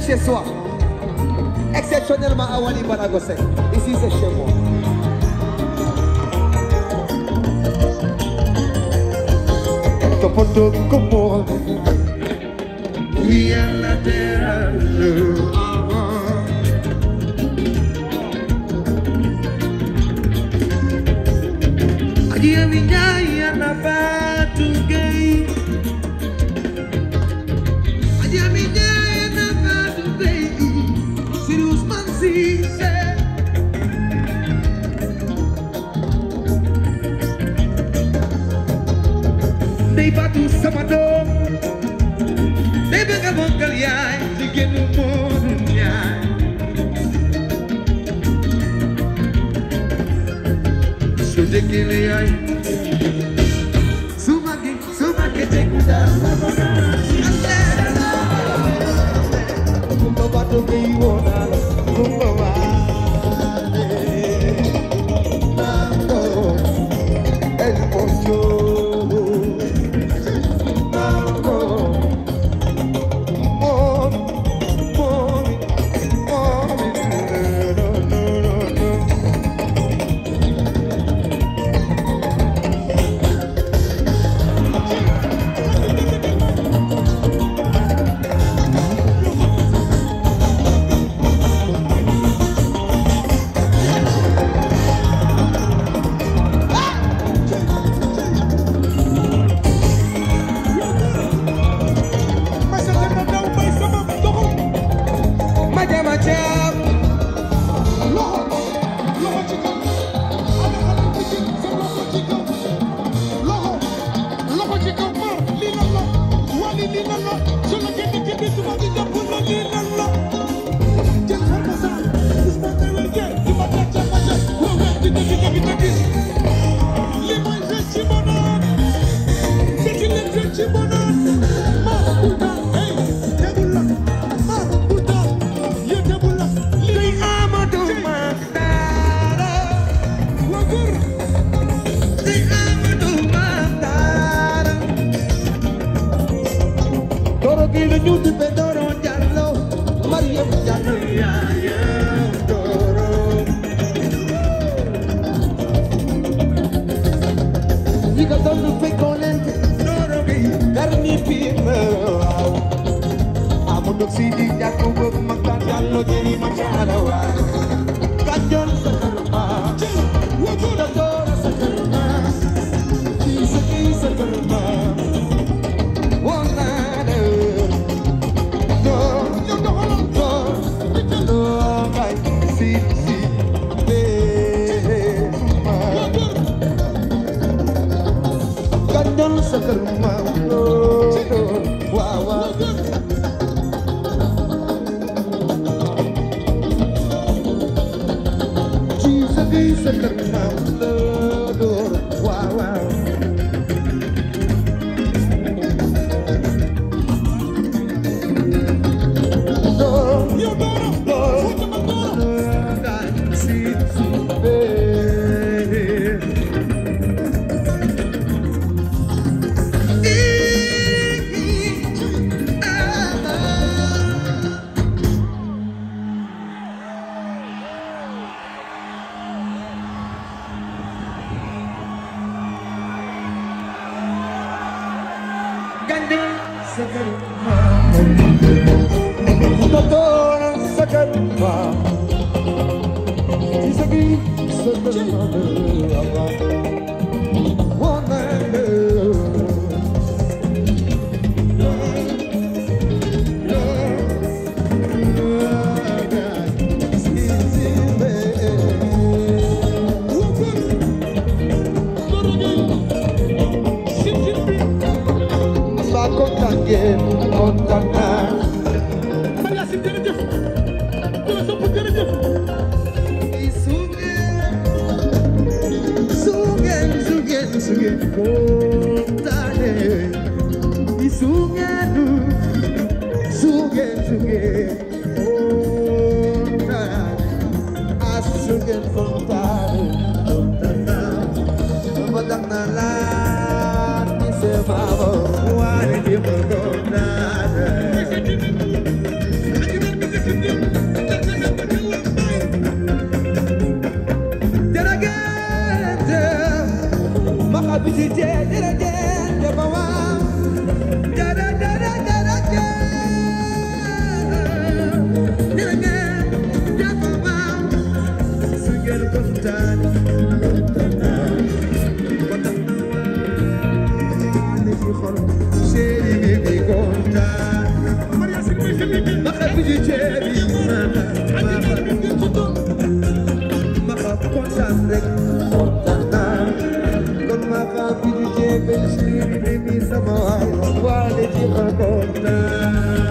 fête chez soi exceptionnellement à Wally Balago Seck ici c'est chez moi toppatoo ko bool wi Yàlla Suma ki, suma ki, suma ki, suma ki, Bogdan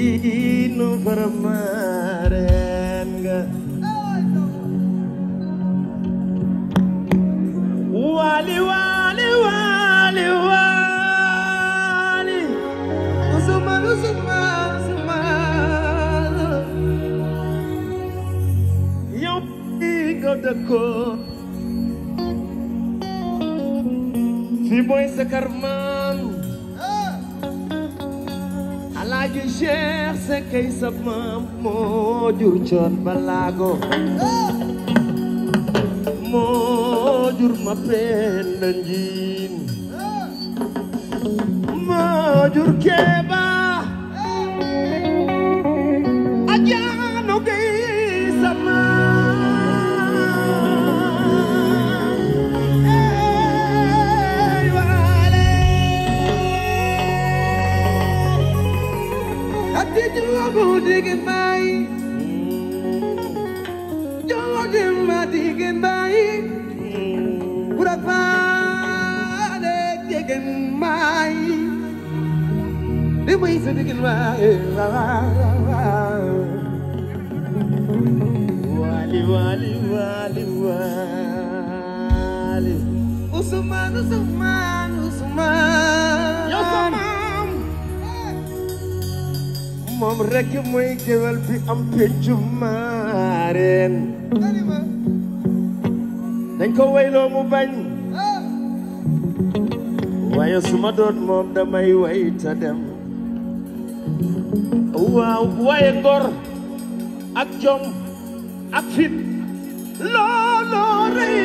diinu waali waali waali waali usuman usuman usuman yow bii nga ki Cheikh Seck ay sa moo jur ma Penda Njiin moo jur Kéba Ajaanu juróom jigéen bàyyi juróom jigéen ma jigéen bàyyi bu rafaale jigéen bàyyi di muy sa jigéen bàyyi wali wali wali wali Usman Usman Usman moom rek mooy géwél ko wayloo mu bañ waaye suma doon moom damay wayta dem waaw waaye ak jom ak fit looloo rëy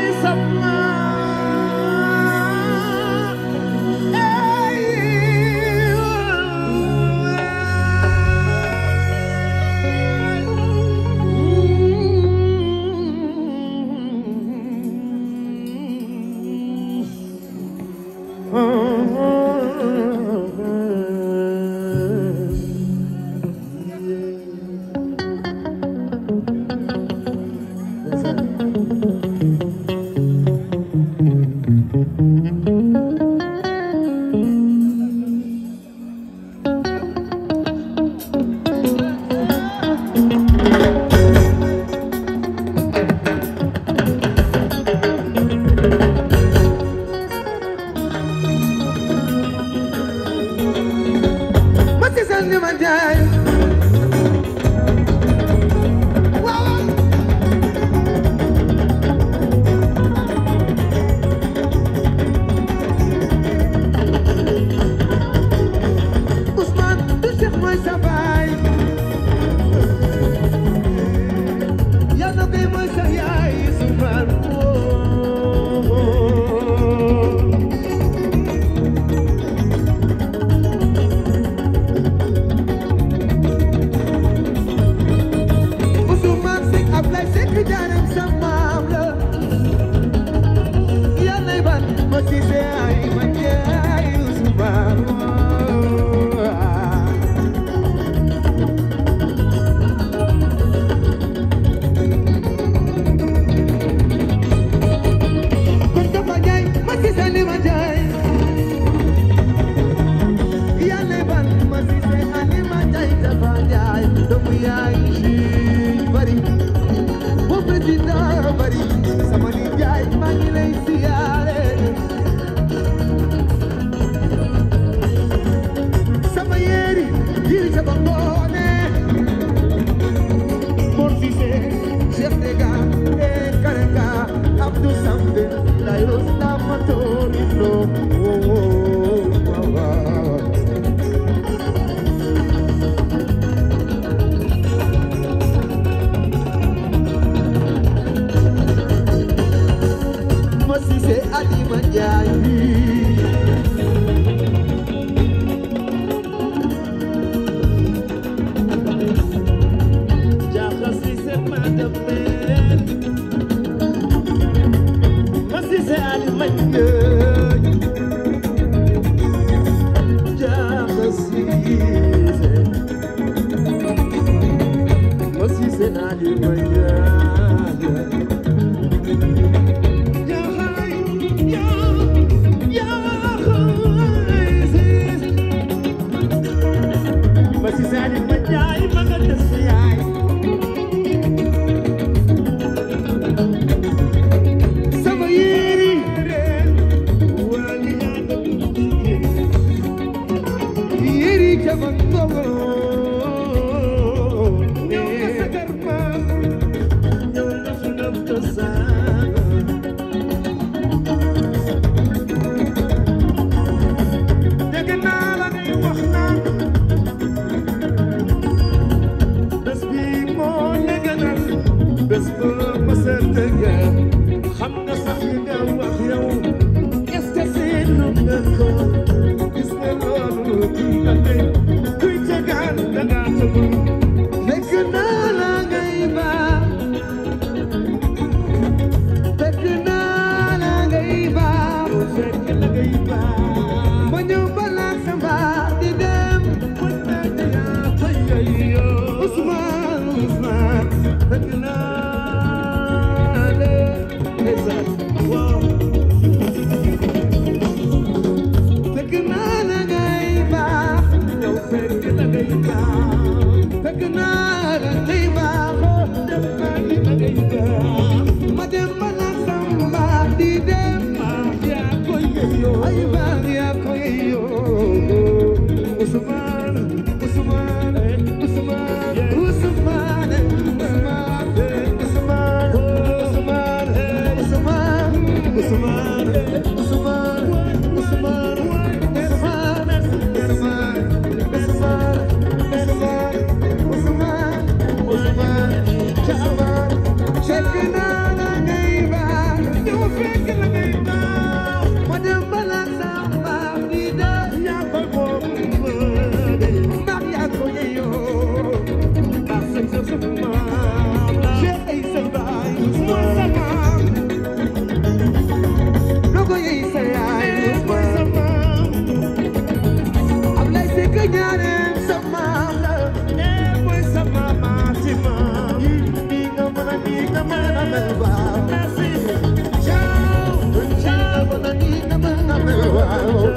sambul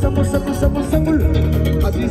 sambul sambul sambul sambul Habis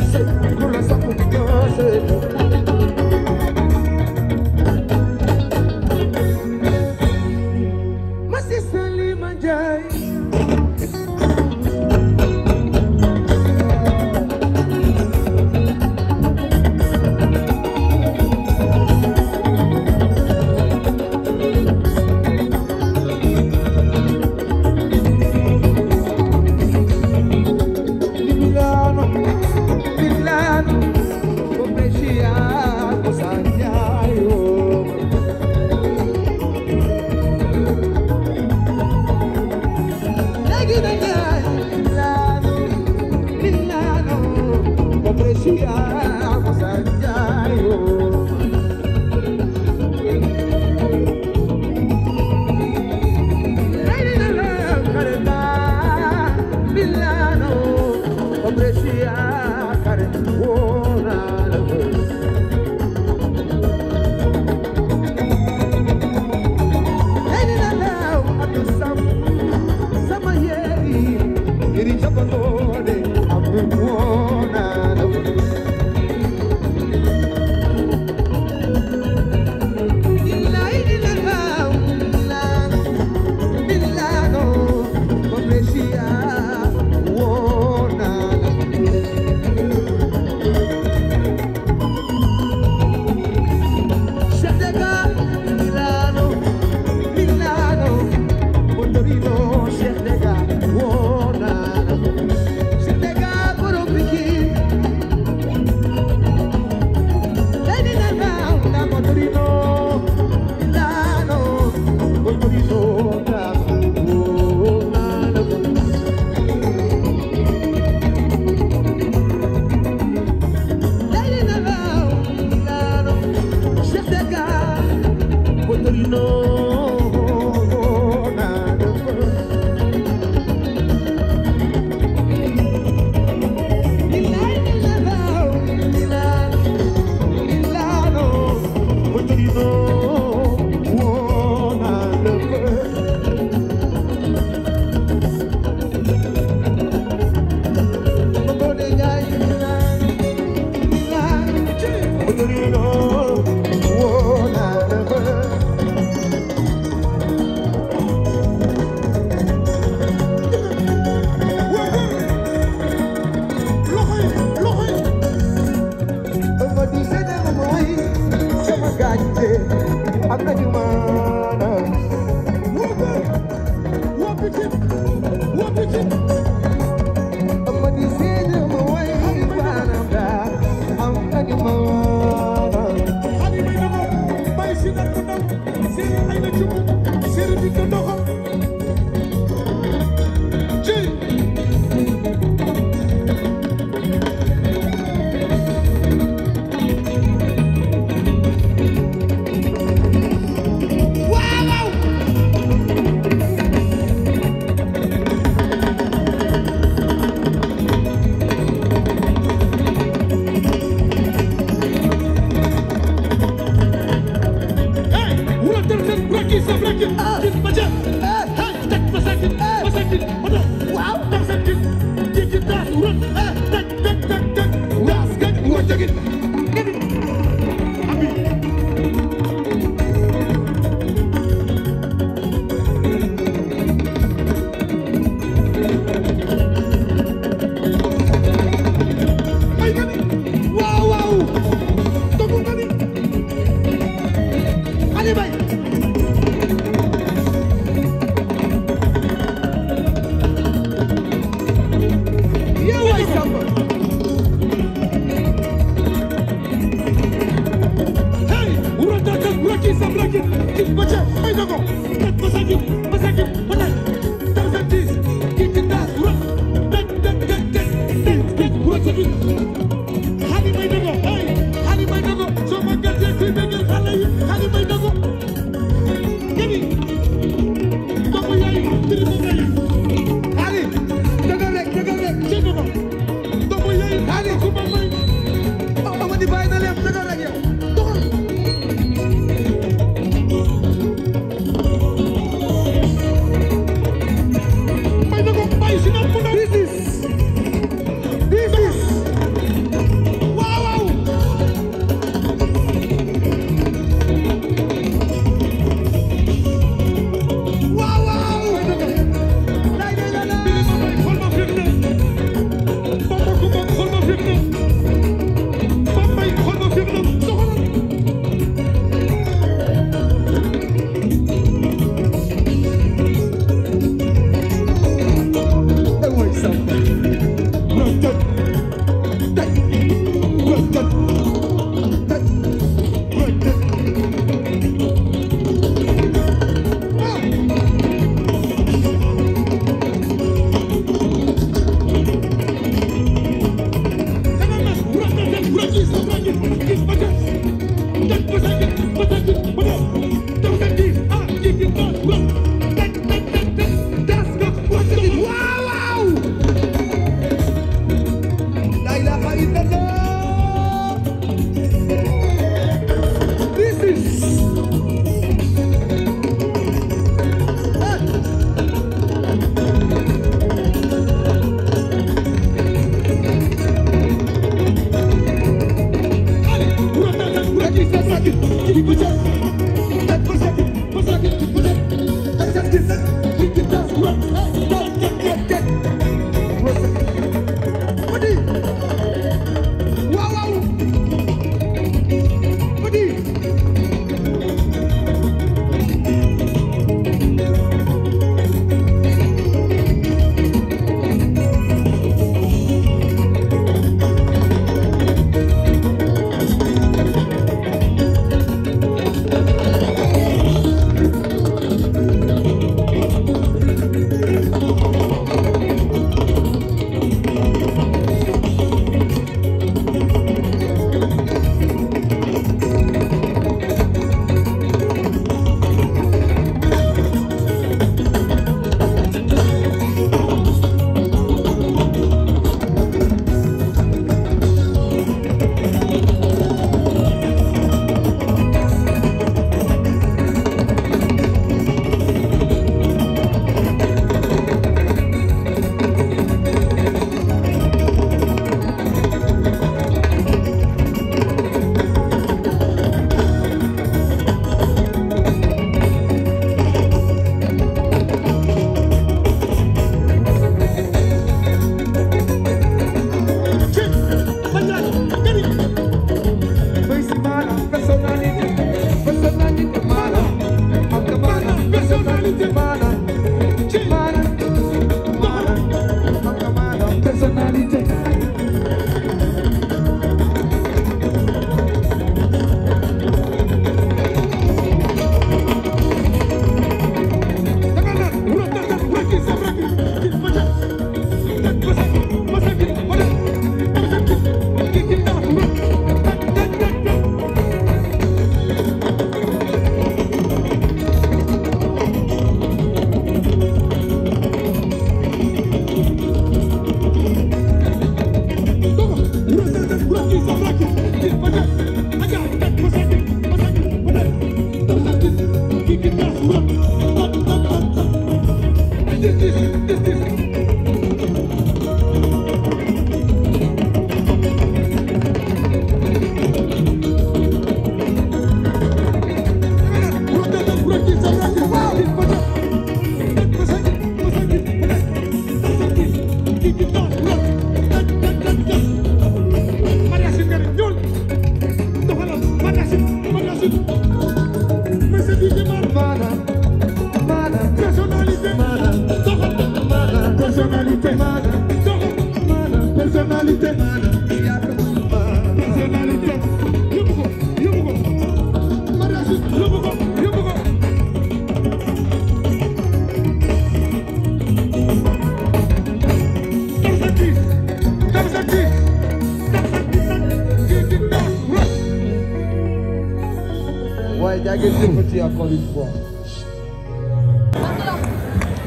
les petits encore une fois.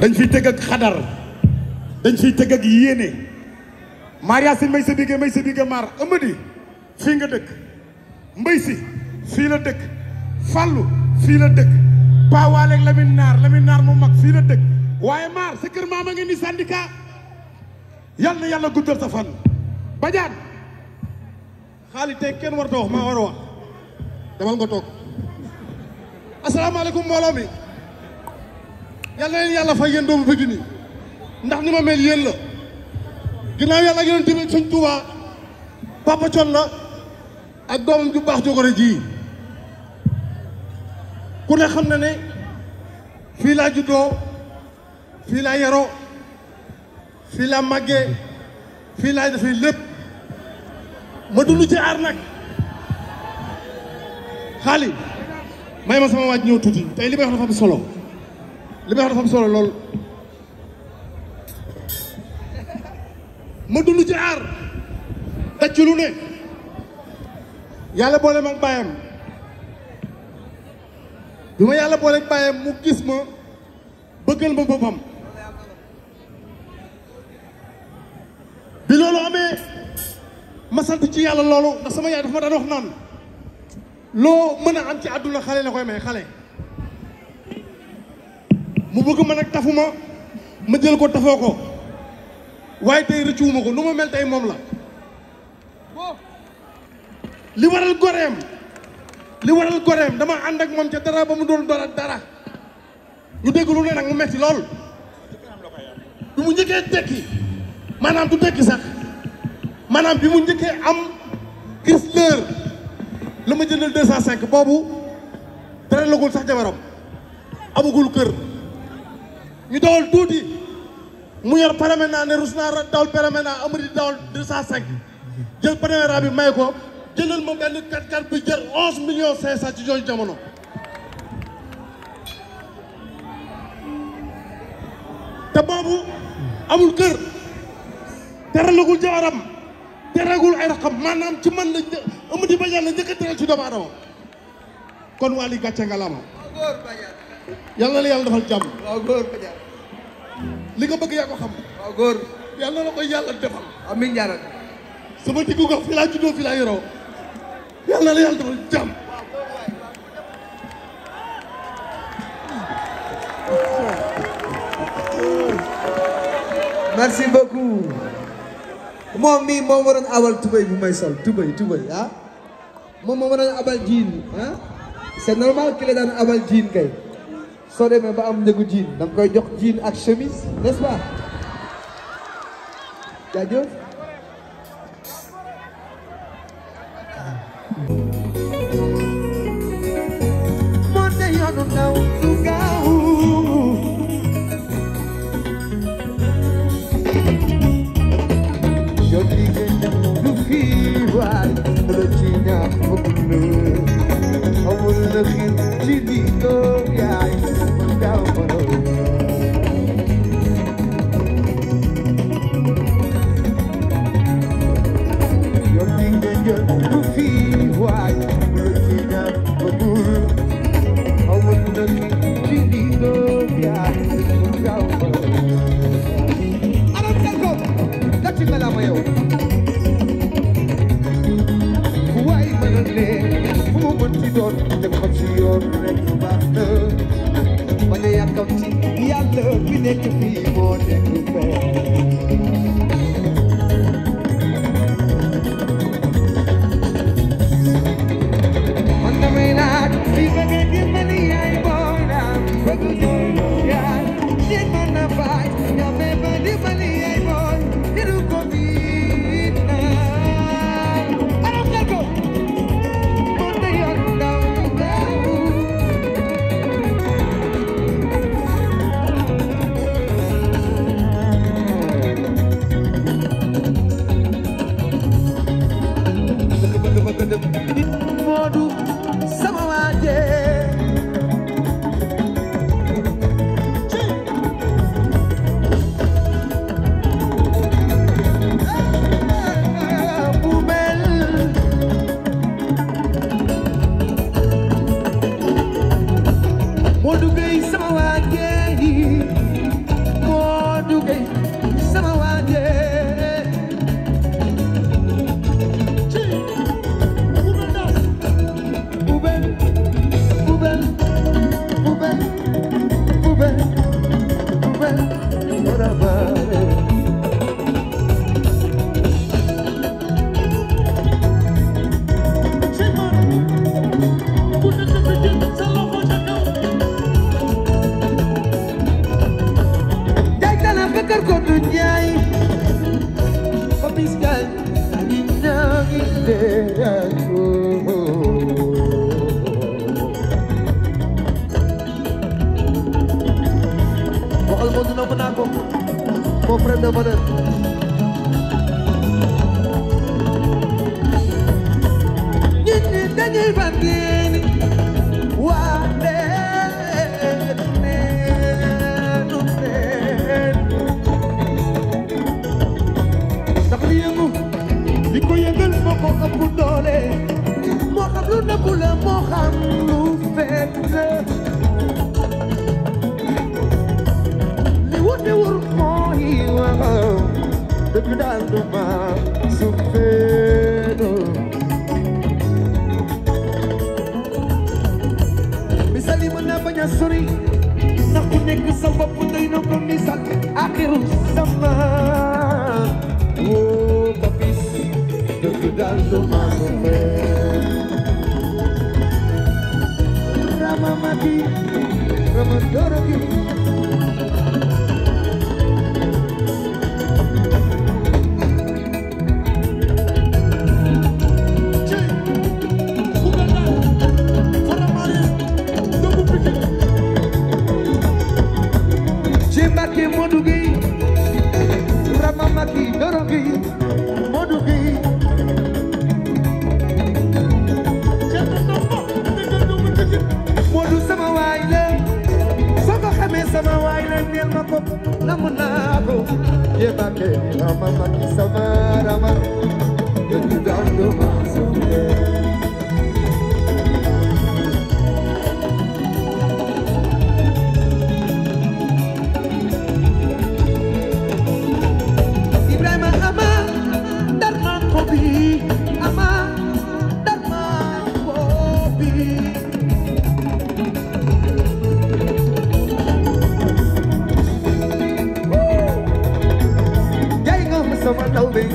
dañ fiy tëgg ak xadar dañ fiy tëgg ak yéene Maria si may sa bigé may sa bigé maar Amady fii nga dëkk mbay si fii la dëkk Fallou fii la dëkk Pa Waale Lamine Naar Lamine Naar mu mag fii la dëkk waaye maar sa kër maama ngi ni syndicat yal na yàlla guddal sa fan bajaan xaalis tey kenn warta wax maa war wax demal nga toog asalaamaaleykum mbooloo mi yal na leen yàlla fay yéen doomu Pikine yi ndax ni ma mel yéen la ginnaaw yàlla yonent bi sëñ Tuubaa Papa Thione ak doomam ju baax jogore ji ku ne xam na ne fii laa juddoo fii laa yaroo fii laa màggee fii laa defee lépp ma dund ci aar nag xaali may ma sama waaj ñëw tuuti tey li may wax dafa am solo li may wax dafa am solo lool ma dund ci aar daj lu ne yàlla boole ma bàyyam bi ma yàlla boole ak bàyyam mu gis ma bëggal ma boppam bi loolu amee ma sant ci yàlla loolu ndax sama yaay dafa ma daan naan loo mën a am ci àdduna xale la koy may xale mu bëgg ma nag tafuma ma jël ko tafoo ko waaye tey rëccuwuma ko nu ma mel ay moom la li waral goreem li waral goreem dama ànd ak moom ca dara ba mu doon dara dara ñu dégg lu ne nag mu metti lool bi mu njëkkee tekki maanaam du tekki sax maanaam bi mu njëkkee am gis leer la ma jëndal 205 boobu dara lagul sax jabaram amagul kër ñu dawal tuuti mu yor naa ne rus naa dawal paramena amari dawal 205 jël paramena bi may ko jëlal ma benn 4x4 bi jël 11 millions 500 ci jooju jamono. te boobu amul kër dara lagul jabaram. teragul ay raxam maanaam ci man la Amady Badiane la njëkk a teral ci doomu aadama kon Wally gàcce yal na la yàlla defal jàmm li nga bëgg yaa ko xam yal na la koy yàlla defal amiin jaaral sama diggu gox fi laa juddoo fi yal na la yàlla defal jàmm moom mii moom waroon abal tubéy bu may sol tubéy tubéy ah moom moom waroon abal jiin se ah. c'est normal ki la daan abal jiin kay soo demee ba am njëgu jiin da nga koy jox jiin ak chemise n'est-ce pas waay bu la ci ñaan foog na amul la xiir ci di doon teg ko ci yoon rek baax na bañ a yàkkam ci yàlla bi nekk fii moo nekk fee man damay naan li bëgg a dimbali yaay boonam bëgg ñu yaay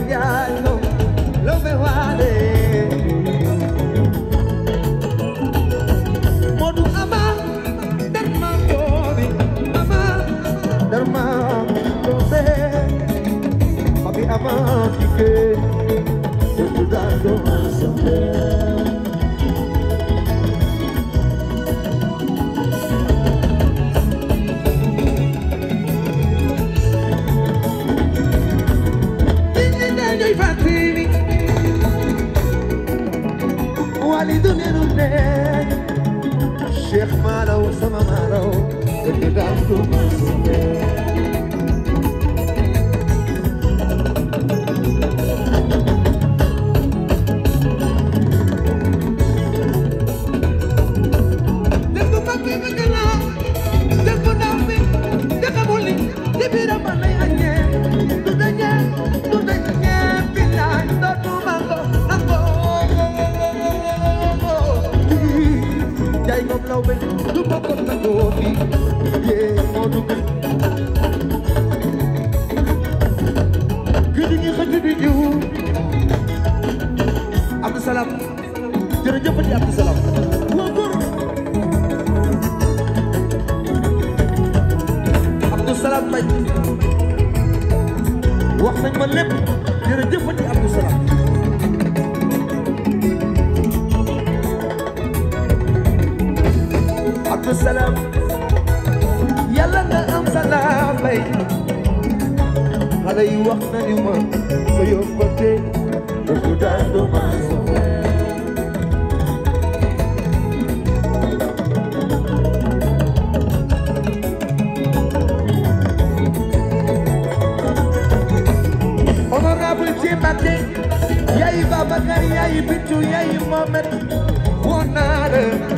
cambiando lo me vale Modu ama derma kodi ama derma kose Papi ama kike Sentudando ama خالد ينبني الشيخ مالو وسما مالو اللي بعده ما jërëjëf di Abdou Salam waaw góor Abdou Salam Mbaye wax nañ ma lépp jërëjëf di Abdou Salam Abdou Salam yàlla nga am Salam Mbaye xale yi wax nañu ma sa yóbbante dëgg daal du ma Mbacké yaay Babacar yaay Bitu yaay Mohamed woo naa la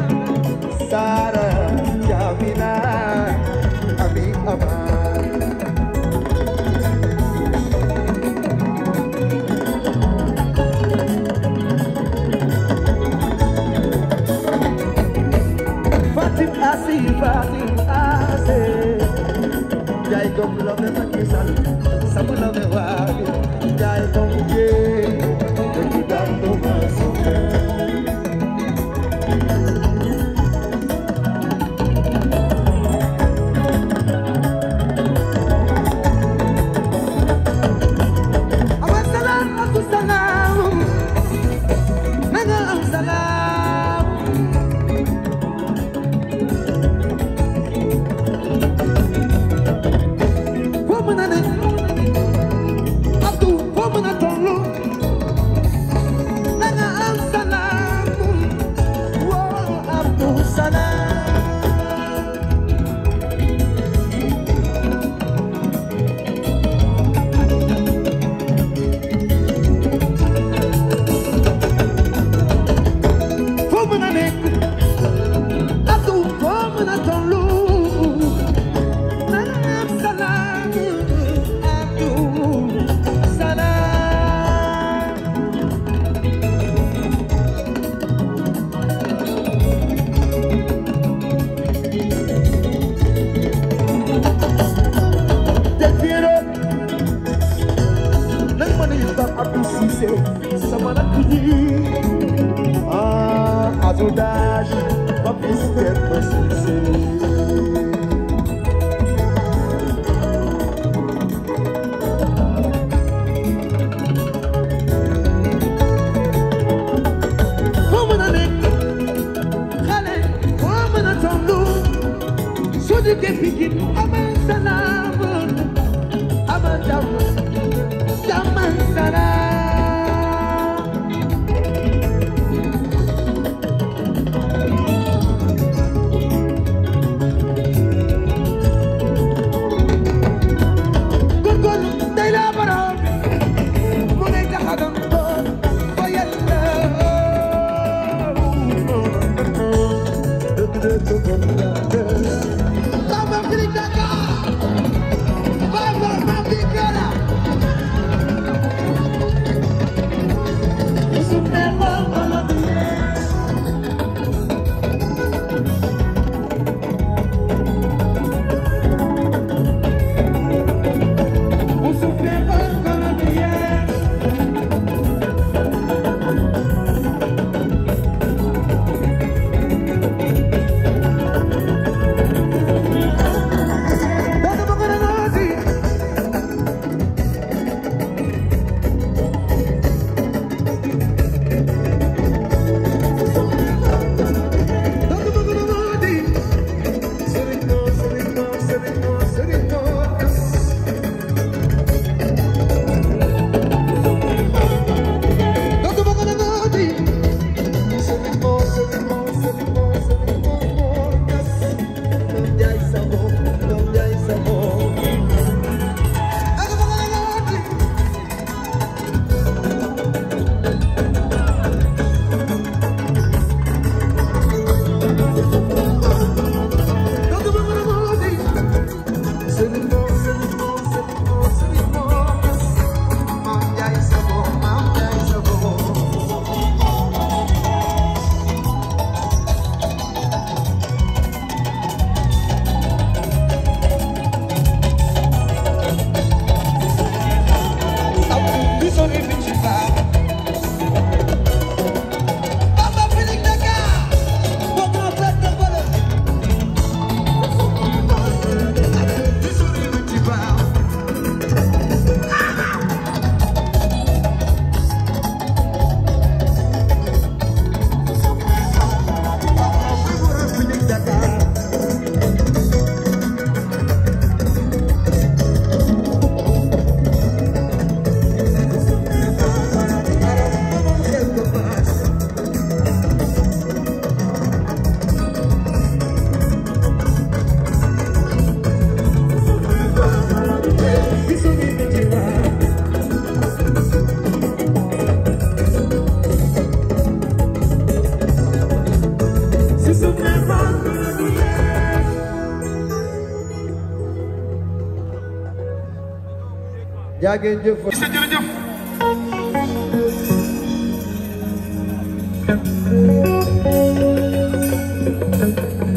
jaa ngeen jëf. jërëjëf.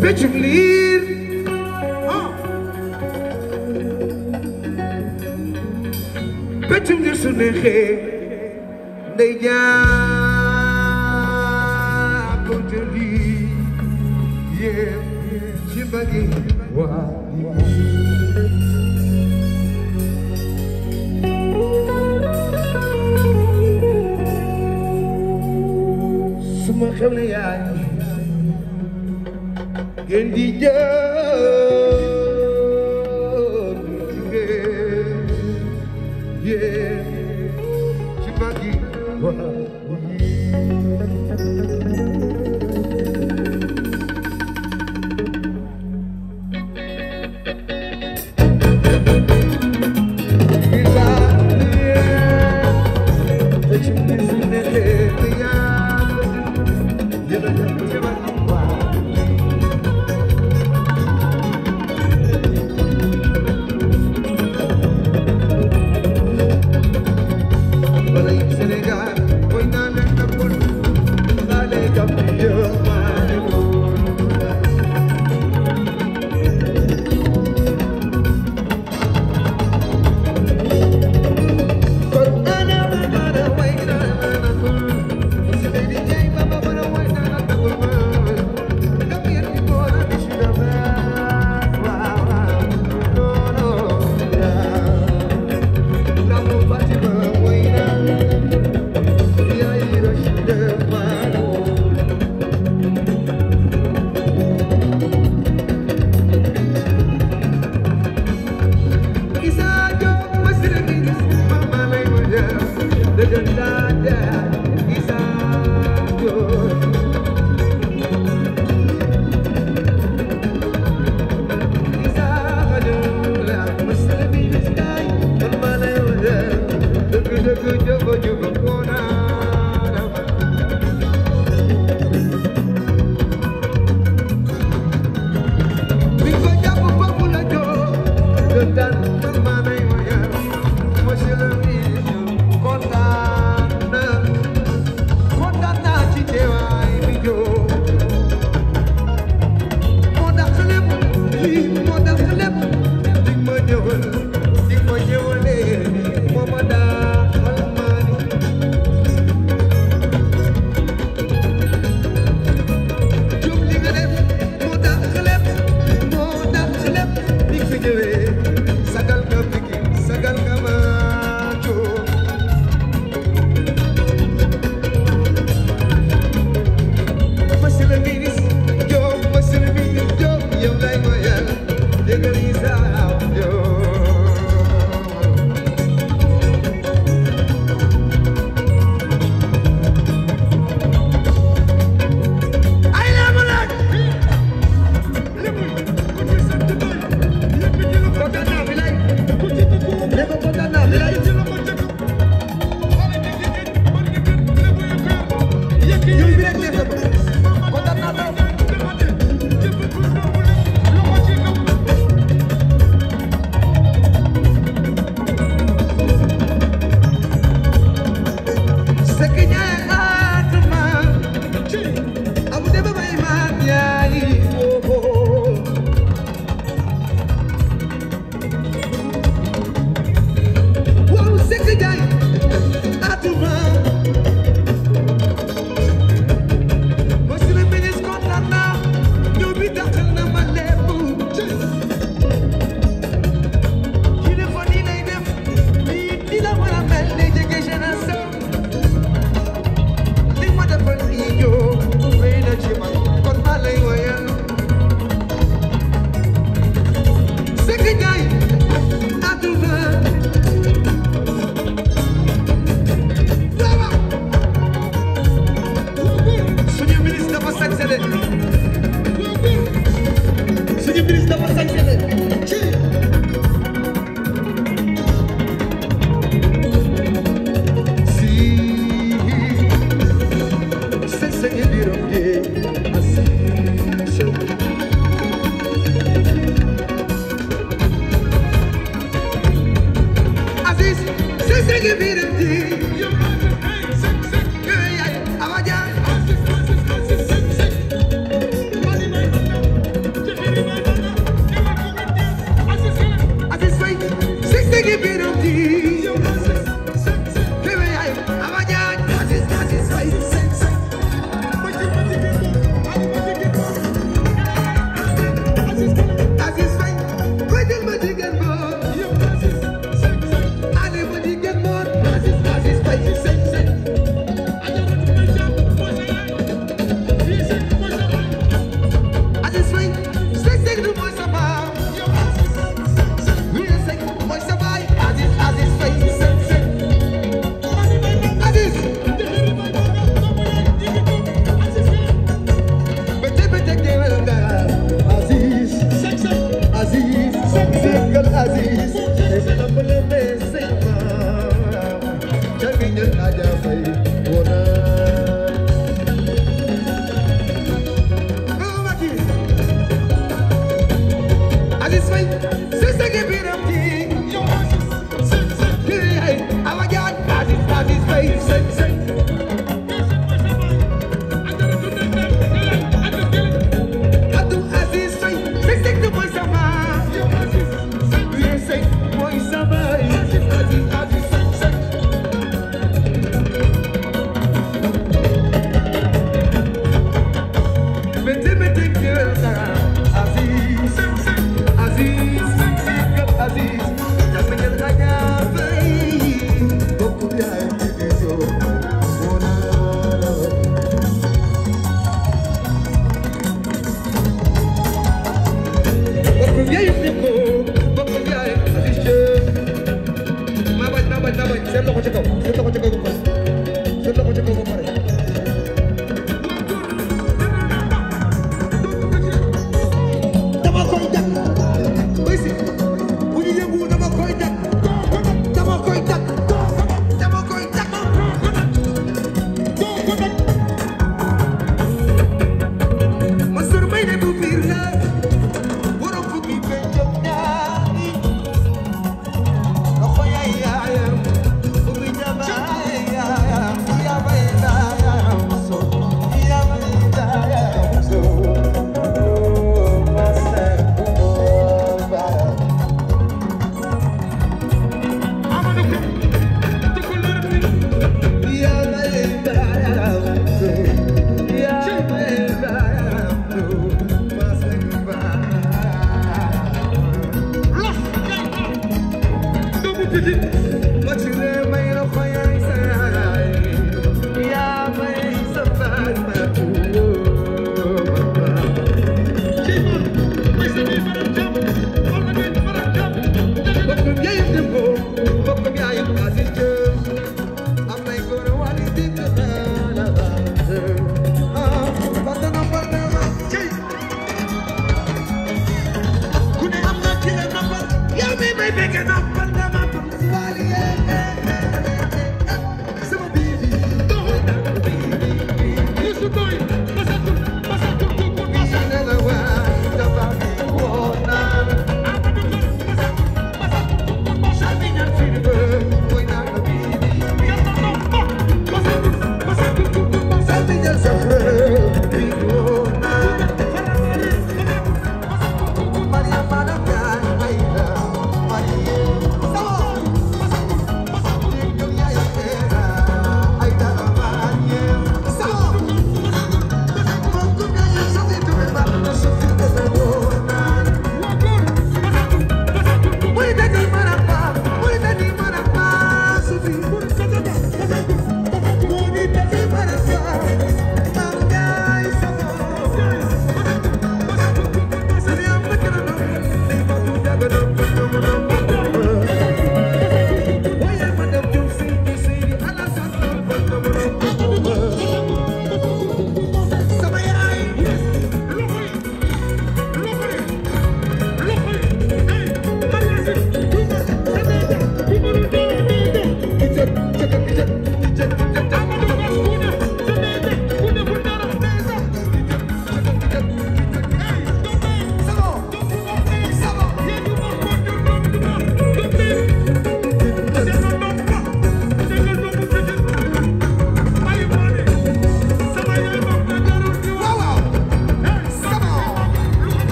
péccum liir ah péccum liir su neexee ndey jaa ko jëli yéen ci bagi waa. ma xewle yaa ngi ngeen di jëf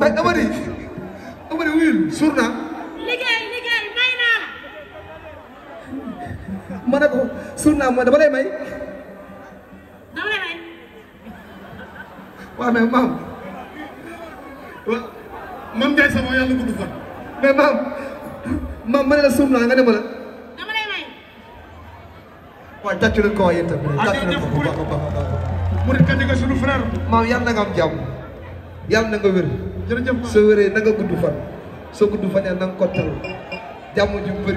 mais Amady Amady wuyul suur naa. liggéey liggéey ma ne suur naa ma dama lay may. dama lay may. waaw mais maam. wa maam Ndiaye sama yàlla gudd fan. mais maam maam ma ne la nga ne ma la. dama lay may. waaw tàccu leen ko waa yéen tamit tàccu leen ko bu baax a baax jërëjëf soo wéree na nga gudd fan soo gudd fan yaa na nga ko jàmm ju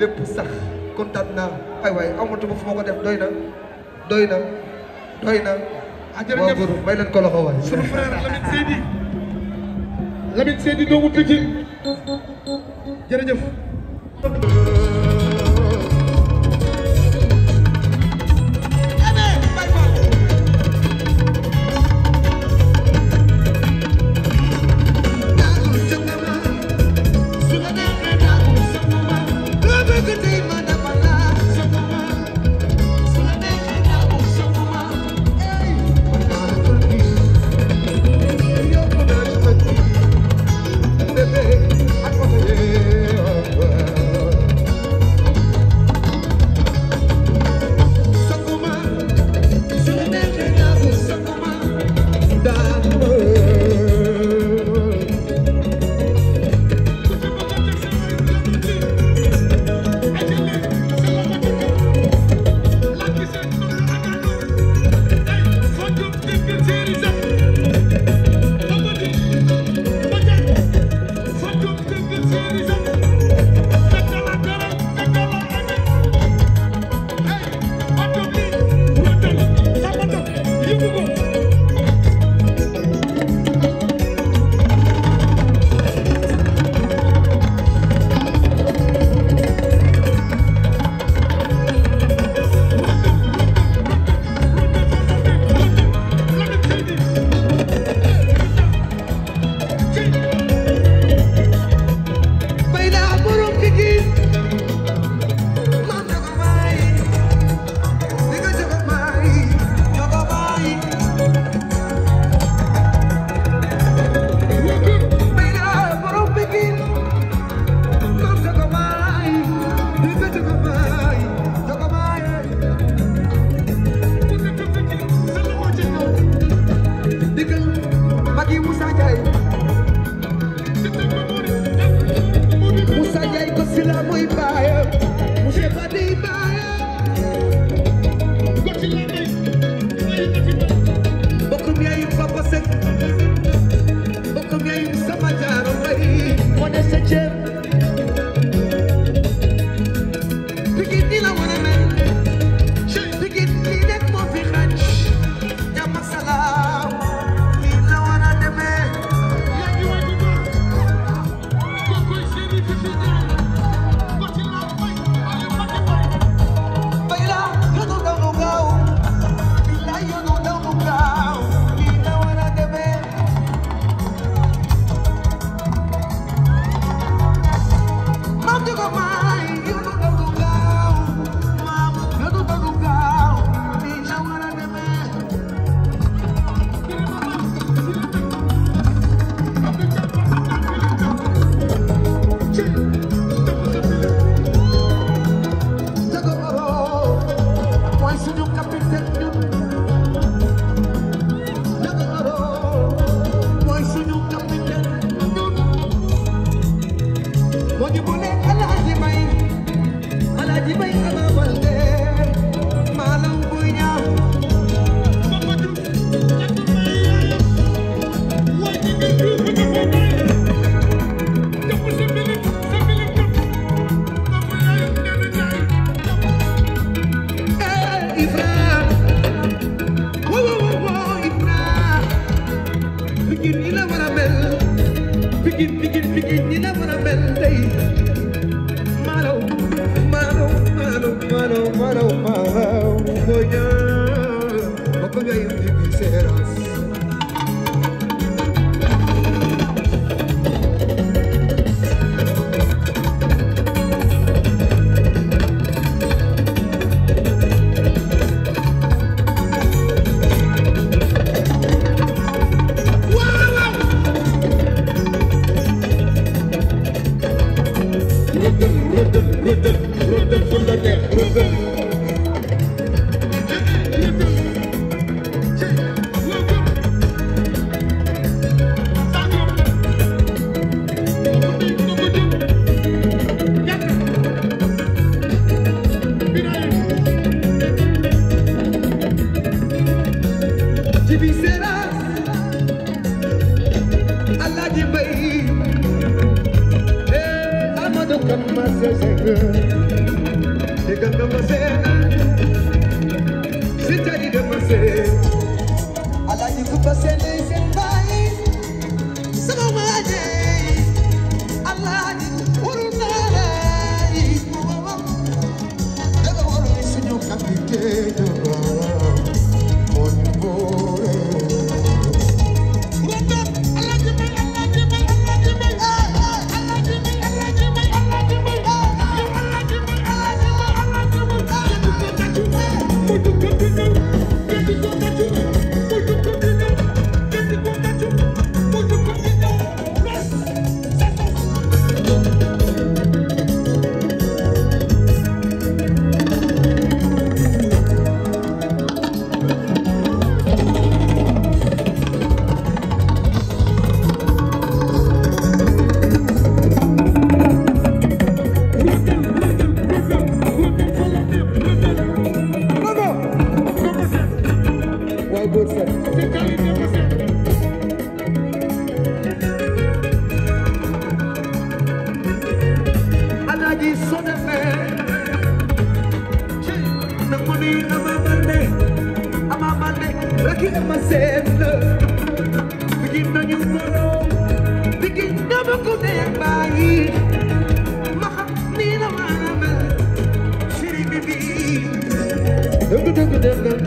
lépp sax kontaan naa ay waay amatuma fu ma ko def doy na doy na doy na. ah jërëjëf waaw may leen ko loxo waay. sunu frère Lamine Seydi Lamine Seydi doomu Pikine jërëjëf.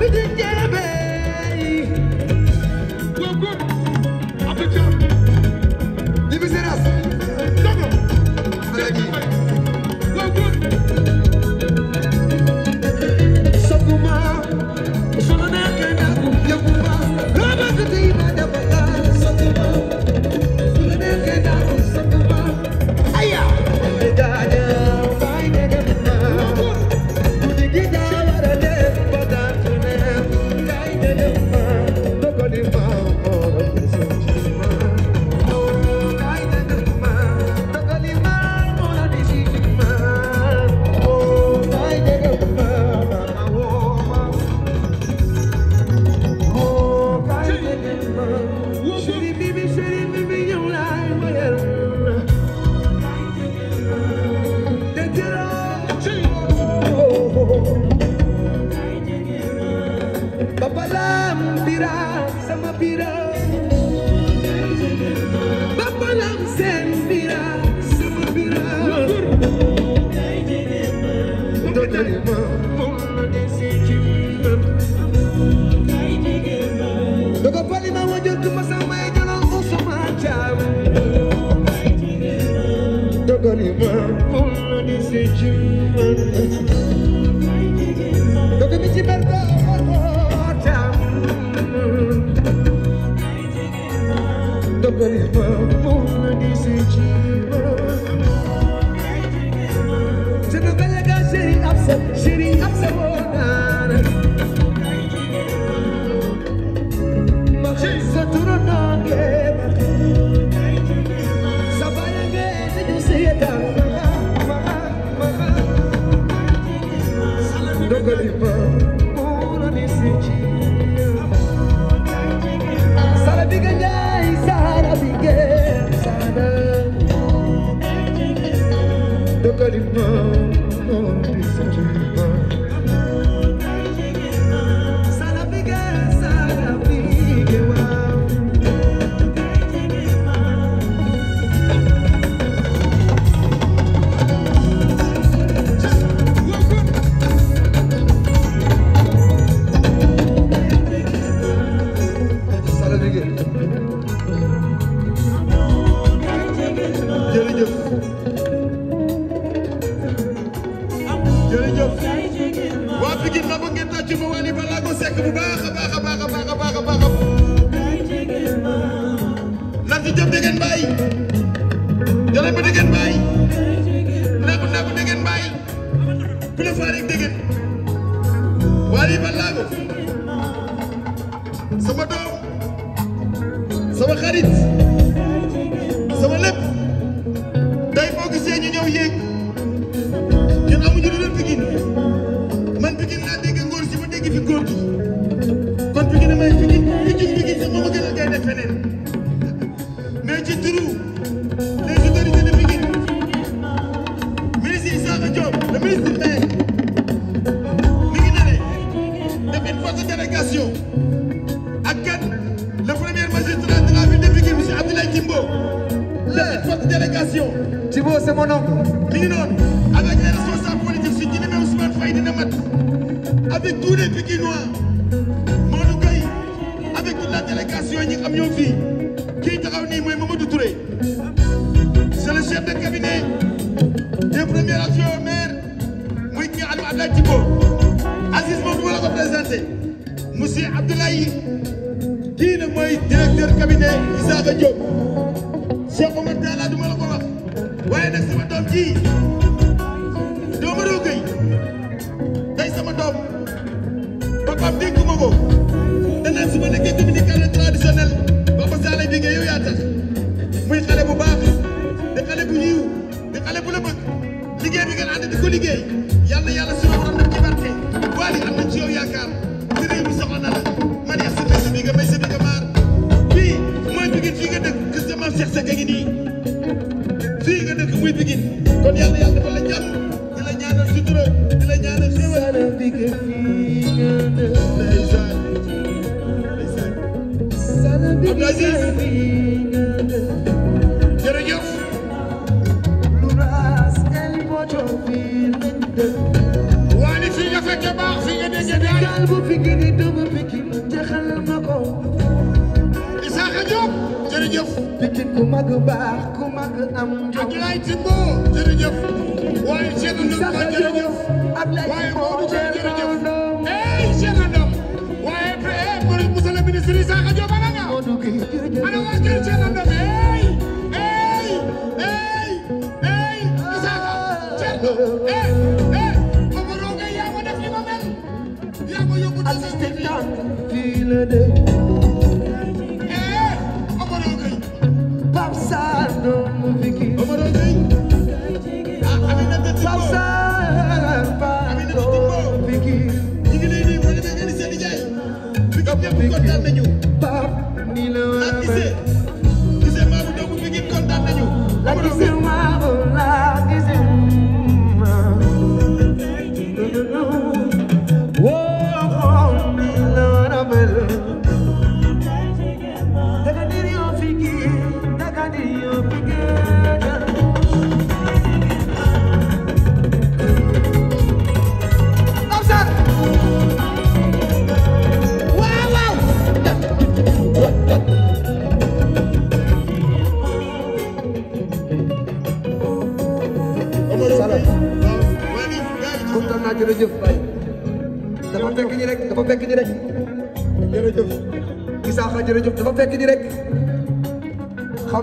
Happy day. jërëjëf jërëjëf waa Pikine na ba ngeen tàcc ma Wally Ballago Seck bu baax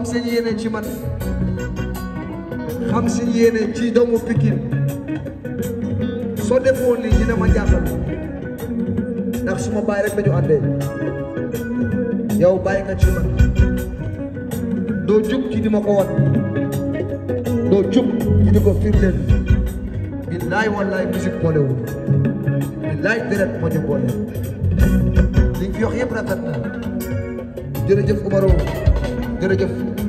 xam seen yéene ci man xam seen yéene ci doomu Pikine soo defoon lii dina ma jàppal ndax suma baay rek dañu àndee yow bàyyi nga ci man doo jug ci di ma ko wan doo jug ci di ko firndeel billaay wallaay musique boolewul billaay deret moo ñu boole li ñu fi wax yëpp rafet na jërëjëf Omaro jërëjëf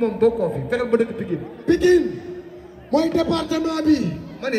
moom bokkoo fi fexeel ba dëkk Pikine. Pikine mooy département bi. ma ne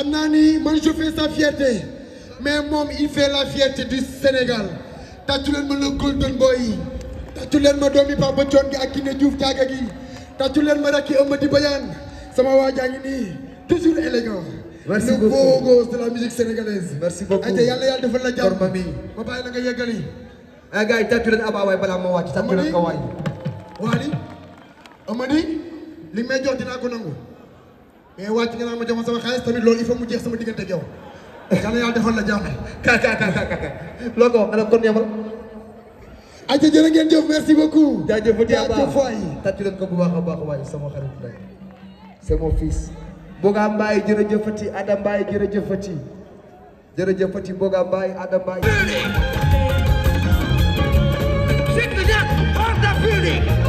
xam naa ni man je fais sa fierté mais moom il la fierté du Sénégal tàccu leen ma le golden boy yi tàccu leen ma doomi ba Thione gi ak ki Kiné Diouf Diaga gi tàccu leen ma rakki ba Bayane sama waa jaa ngi nii toujours élégant merci beaucoup le beau gosse de la musique sénégalaise. merci beaucoup yàlla yàlla defal la jàmm Korma mi. ma bàyyi la nga yeggali. ah gars yi tàccu leen Abba waay balaa ma wàcc tàccu leen ko waay. Amady Amady li may jox dinaa ko nangu. mais wàcc nga naan ma joxoon sama xaalis tamit loolu il faut mu jeex sama diggante ak yow. yàlla yàlla defal la jàmm. ka ka ka ka ka loo ko wax ana kon yamal. ayca ngeen jëf merci beaucoup. jaajëf bu jaajëf jaajëf waay. leen ko bu baax a baax waay sama xarit la c'est mon fils. Boga Mbaye jërëjëfati Ada Mbaye jërëjëfati jërëjëfati Boga Mbaye Ada Mbaye. Building. Check the net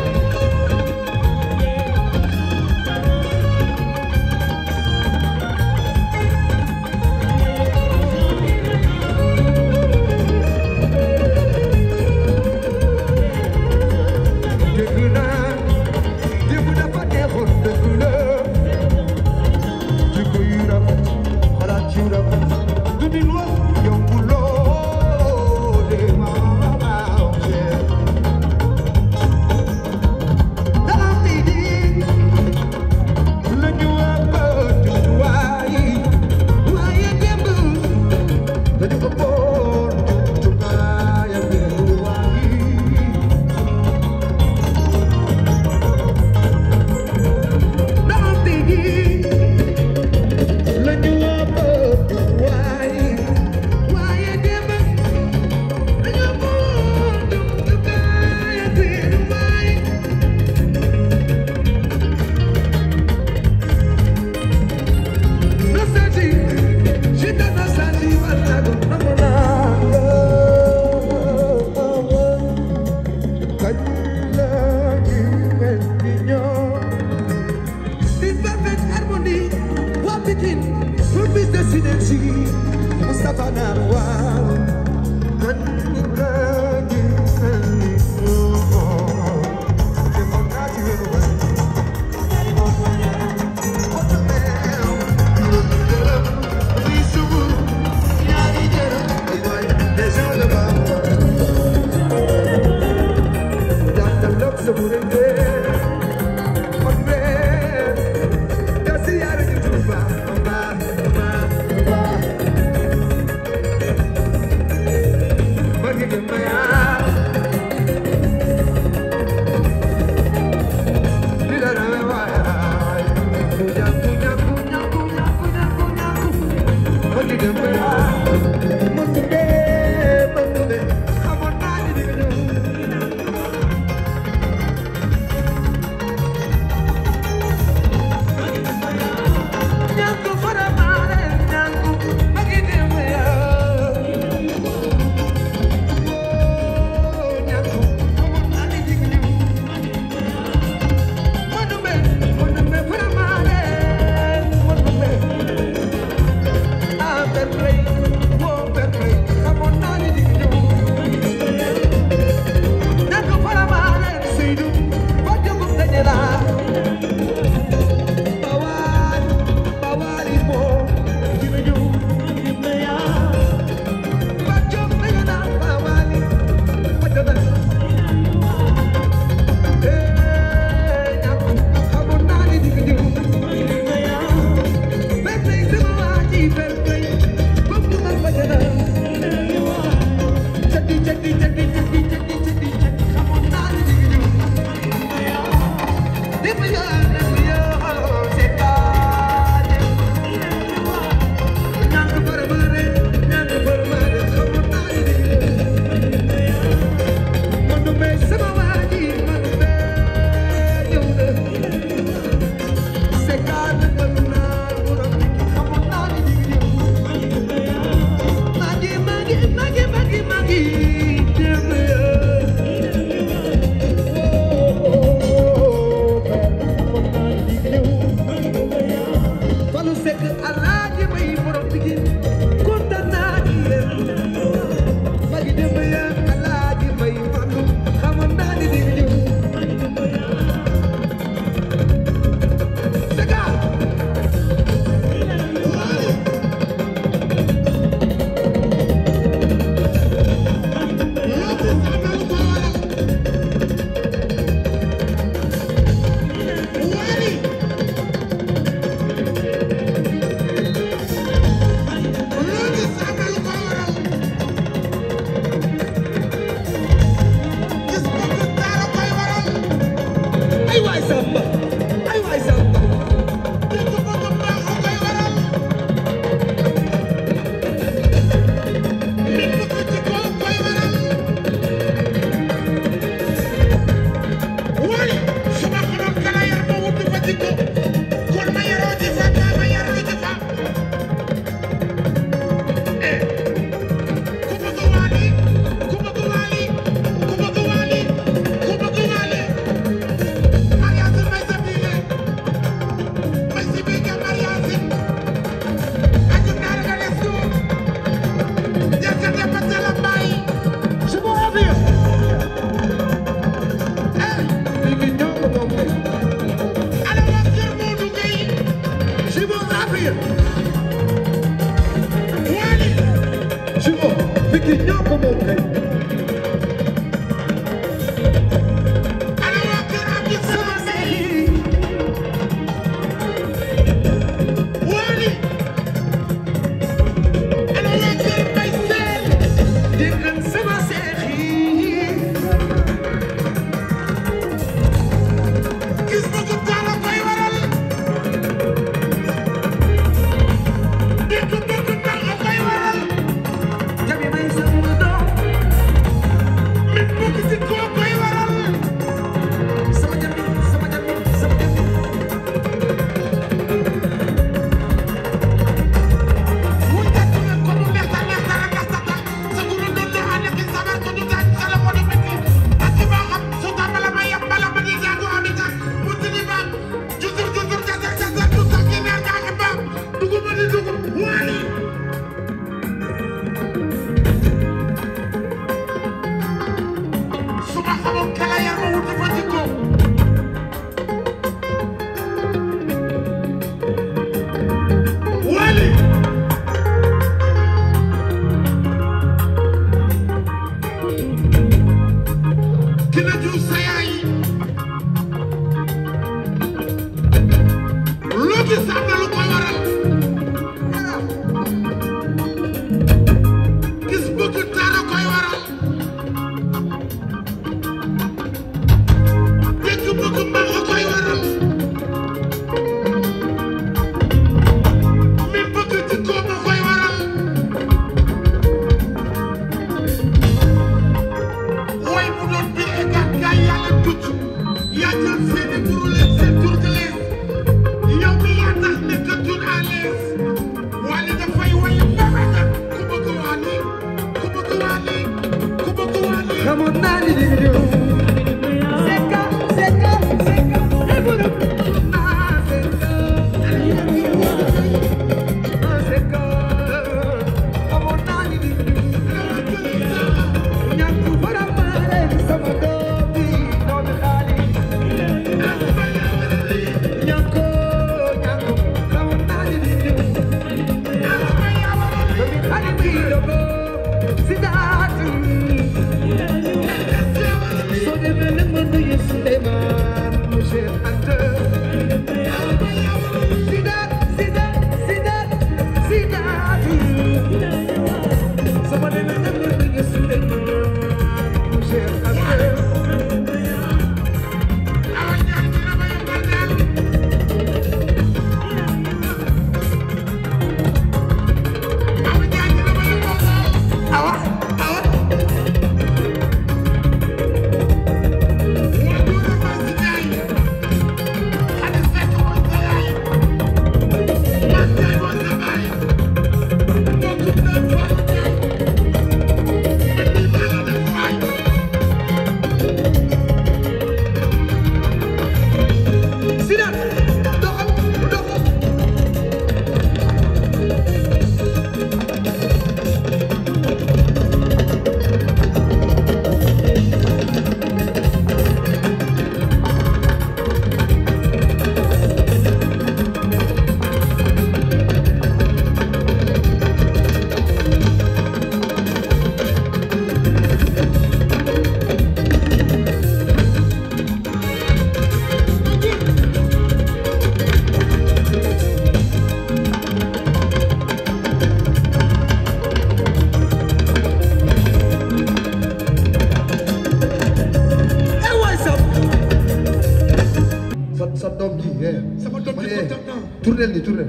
tournel ni tournel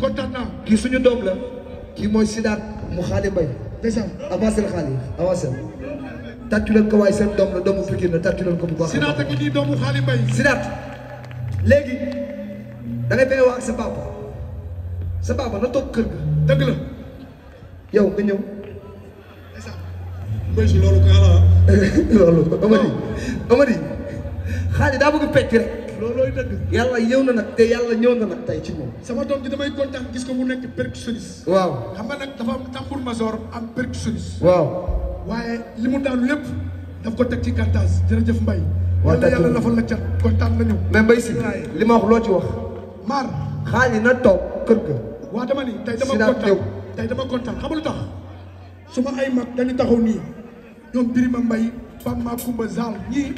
kontaan naa suñu doom la kii mooy Sidaat mu xaali mbay ndeysaan avancé la xaali ko waaye seen doom la doomu Pikine la ko bu baax Sidaat ak ñi doomu xaali mbay Sidaat léegi da ngay béy sa papa sa papa na toog kër ga dëgg la yow nga ñëw mbay si xaali daa bëgg pecc loolooy dëgg. yàlla ñëw na nag te yàlla ñëw na nag tey ci moom. sama doom ji damay kontaan gis ko mu nekk percussionniste. waaw xam nga nag dafa am tambour major am percussionniste. waaw waaye li mu daanu lépp daf ko teg ci kantaas jërëjëf Mbaye. waaw yàlla yàlla lafal la cat kontaan nañu. mais Mbaye si li ma wax loo ci wax. maar xaalis na toog kër ga. waa dama ni tey dama kontaan tey dama kontaan xam nga lu tax. su ma ay mag dañu taxaw nii ñoom Birima Mbaye Pam Makumba Zal ñii.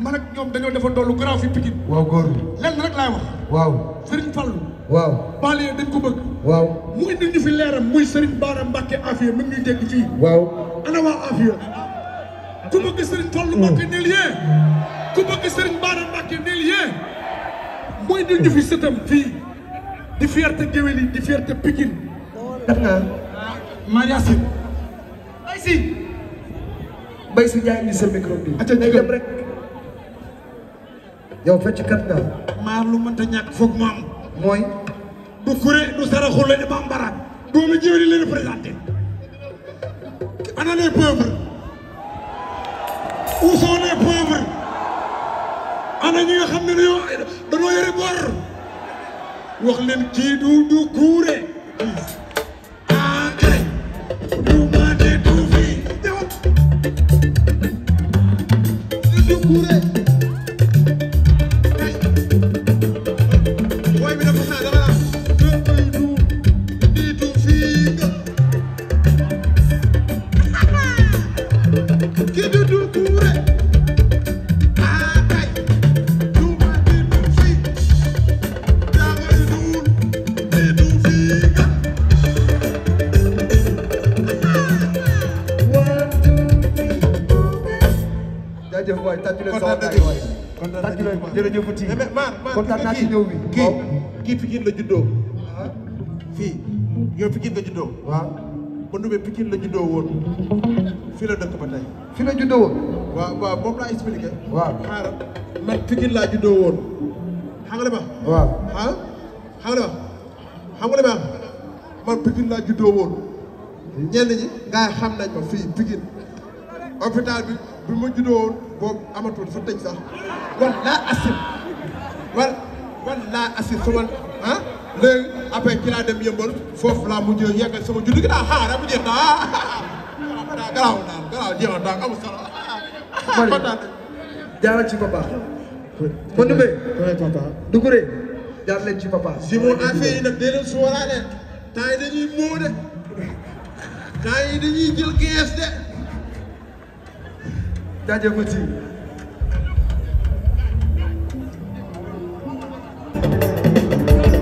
man ak ñoom dañoo defandoo lu garaaw fi Pikine. waaw góor bi lenn rek laay wax. waaw Serigne Fallou. waaw banlieue dañ ko bëgg. waaw mu indi ñu fi leeram muy Serigne Bara Mbacké Afia mi ngi ñuy dégg fii. waaw ana waa Afia. ku bëgg Serigne Fallou Mbacké neel yee. ku bëgg Serigne Bara Mbacké neel mu indi ñu fi sëtam fii di fierté géwél yi di fierté Pikine. def naa Maria Sy. Bay si. Bay si jaay ni sa micro bi. aca dem rek. yow fecckat nga. maar lu mënta ñàkk foog mu mooy. du kuré du saraxul la di bambara. doomu jiw leen représenté. ana les pauvres. où sont les pauvres. ana ñi nga xam ne dañoo dañoo yore bor. wax leen kii du du kuure. Pure. tàcc leen jërëjëfati kontaan naa ci eh, ñëw bi kii kii Pikine la juddoo ah. fii yow Pikine la juddoo waaw ba la juddoo woon fii la dëkk ba tey fii la juddoo woon waaw laa expliqué waaw ma waaw ma man Pikine laa juddoo woon ñenn ñi nga xam nañ ma fii Pikine hôpital bi ma juddoo boobu amatul fa tëj sax wan ah, foofu laa mujjee yeggal sama juddu gi daa xaar mu jeex daa daa garaaw daal garaaw jeexal daal amul solo ci papa ma numé dugure jaar leen ci papa si moom affaire nag dee leen suwaraale temps yi moo de temps yi dañuy jël gees de jaajëfati Thank you.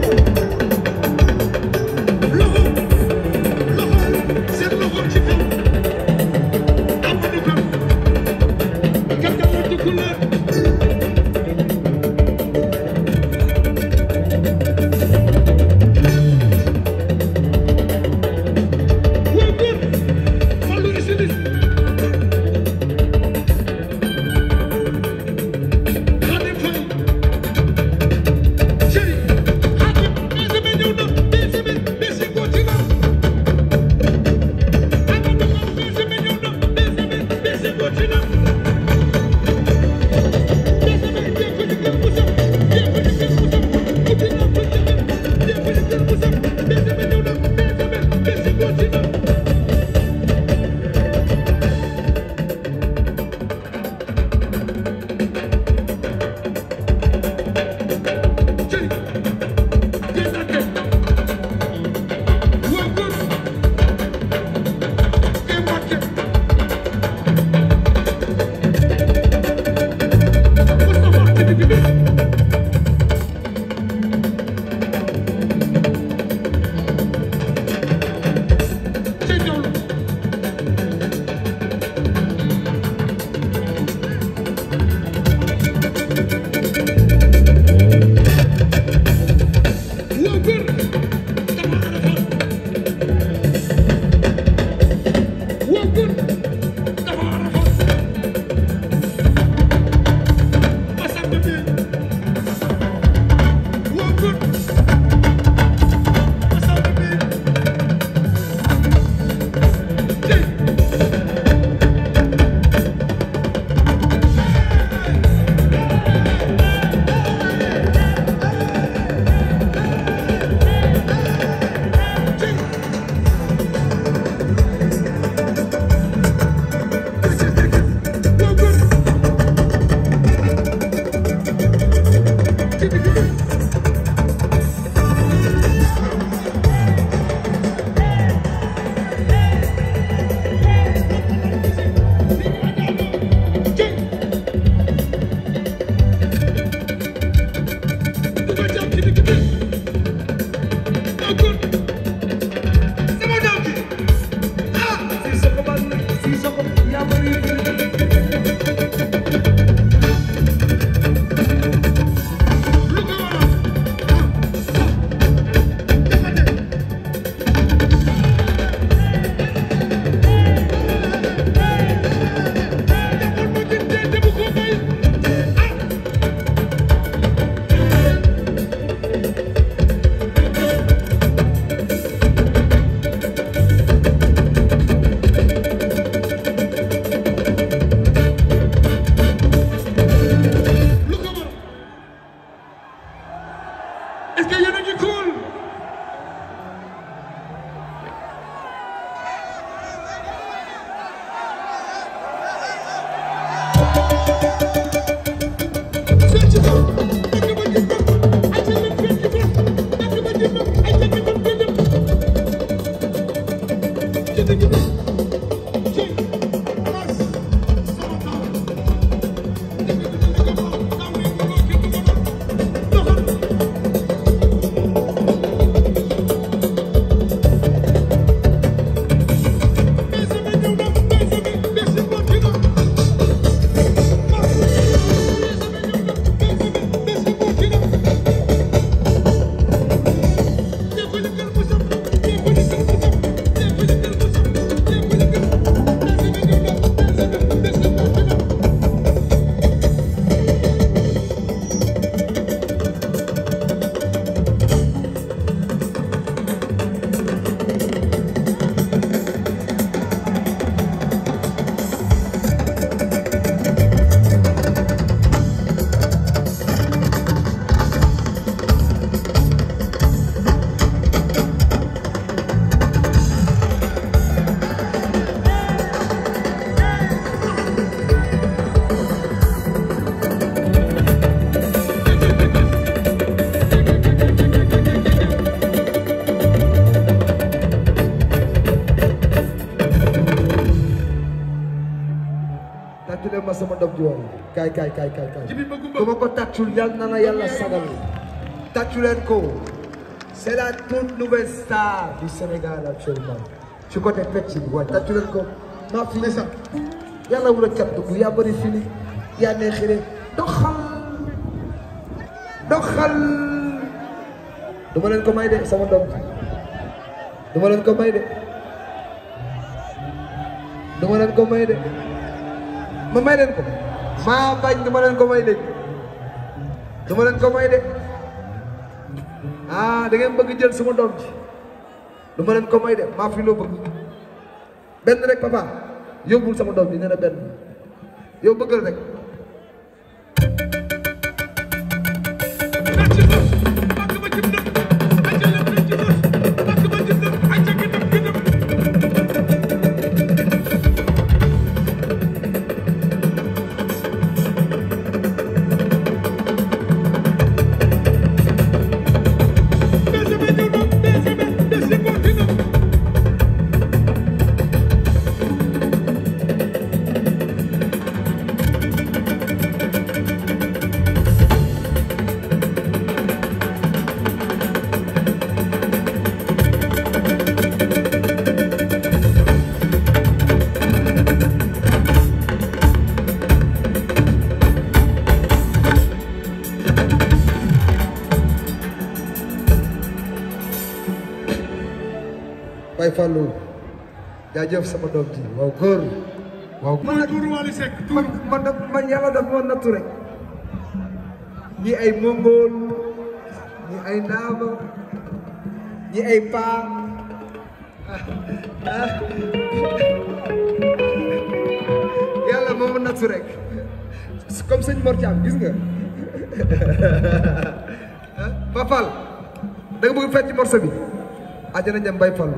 joor kay kay kay kay kay ku ma ko tàccul yal na la yàlla sagal tàccu leen ko c'est la toute nouvelle star du Sénégal actuellement ci côté pecc bi waaye tàccu leen ko maa fi ne sax yàlla wula cat dugg yaa bëri fili yaa neexire doxal doxal du ma leen ko may de sama doom du ma leen ko may de du ma leen ko may de ma may leen ko maa bañ du ma leen ko may de du ma leen ko may de ah da ngeen bëgg jël suma doom ji du ma leen ko may de maa fi loo bëgg benn rek papa yóbbul sama doom ji nee na benn yow rek. jaajëf sama doom ji waaw góor waaw góor tuuru Wally Seck tuuru man man yàlla daf ma nattu ñi ay mongol ñi ay naama ñi ay paa yàlla moo ma nattu rek comme sëñ Mor Thiam gis nga ah, Fapal da nga bëgg fecc morceau bi ajana ñam bay Fall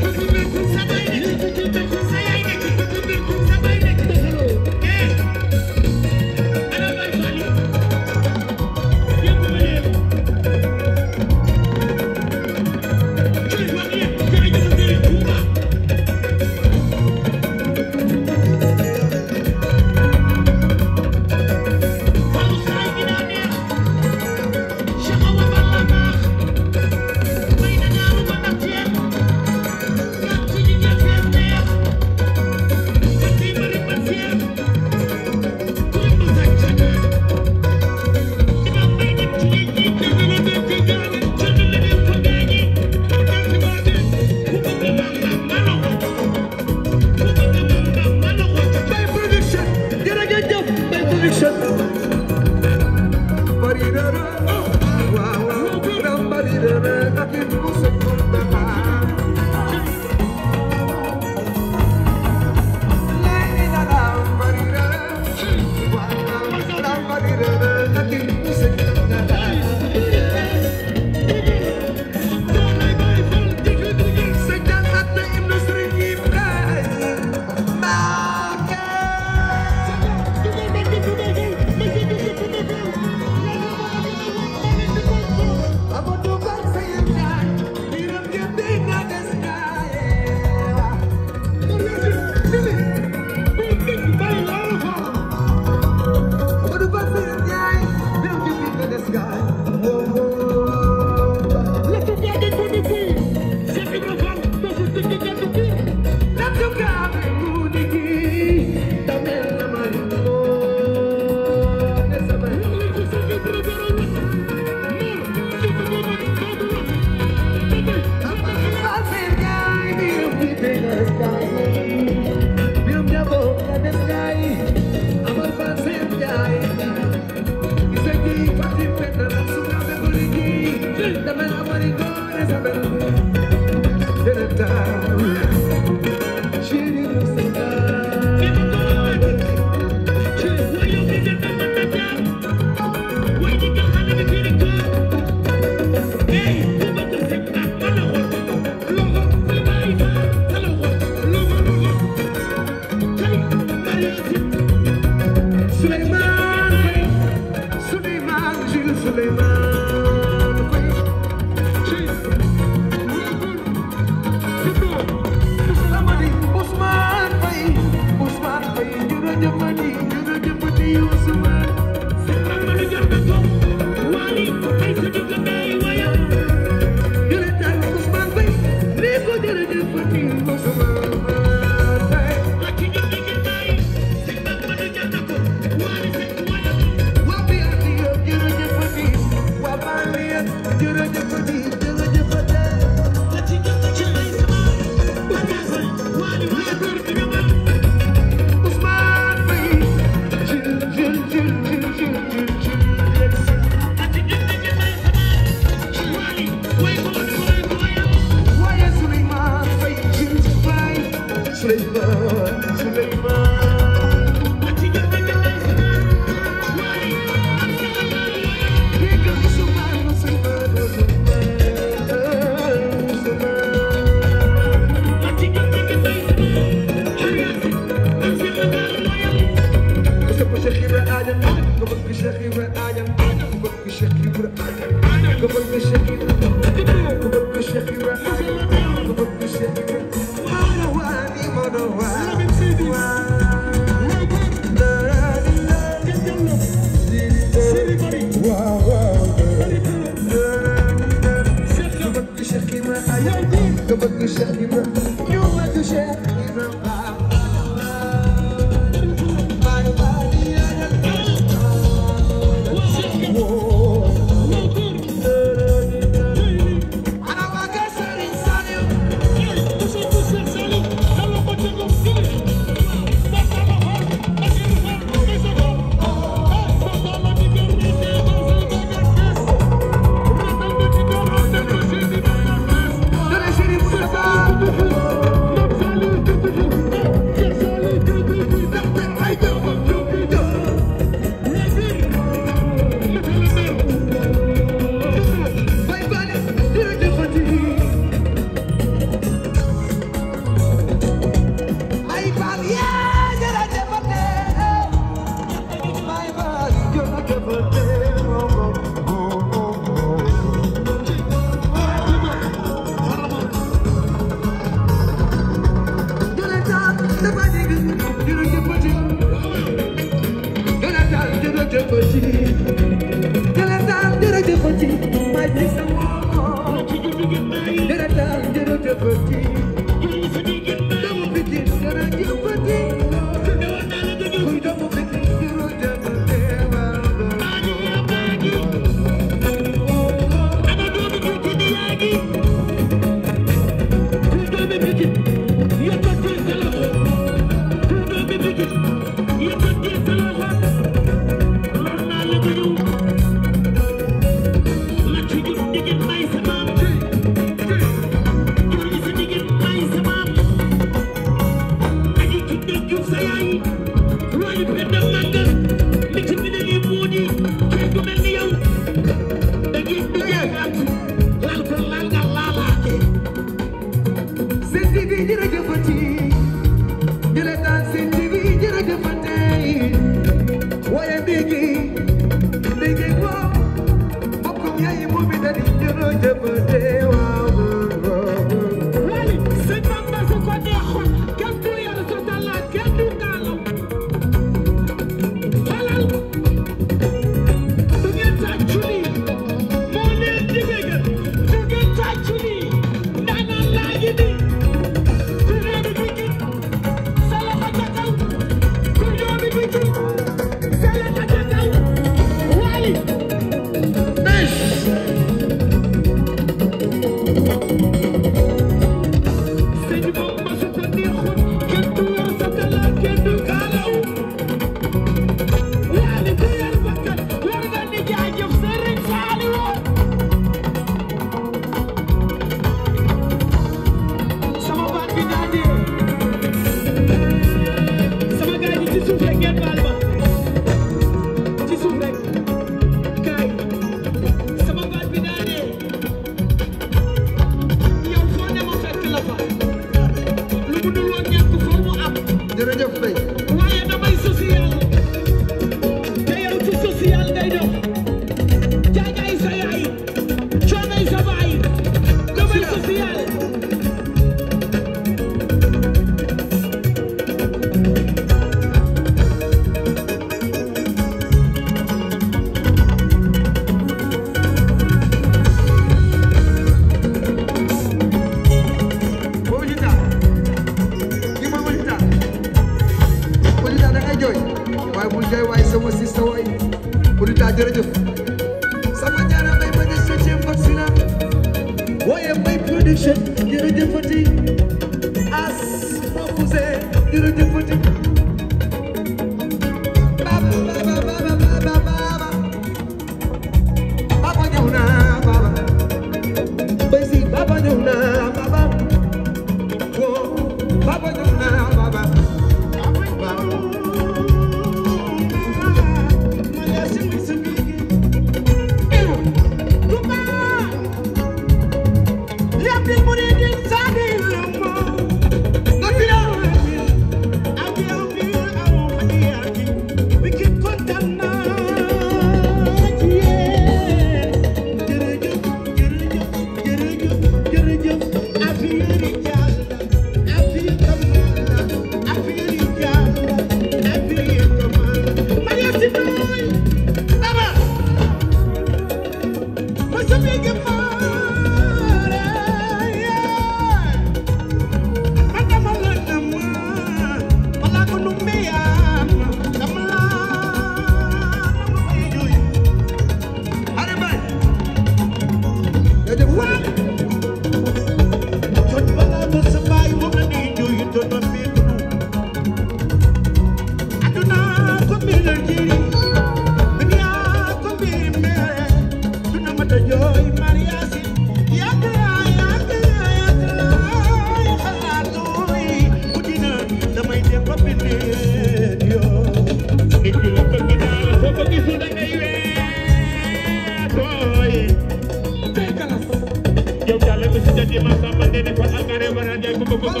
ko ko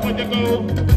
ko ko ko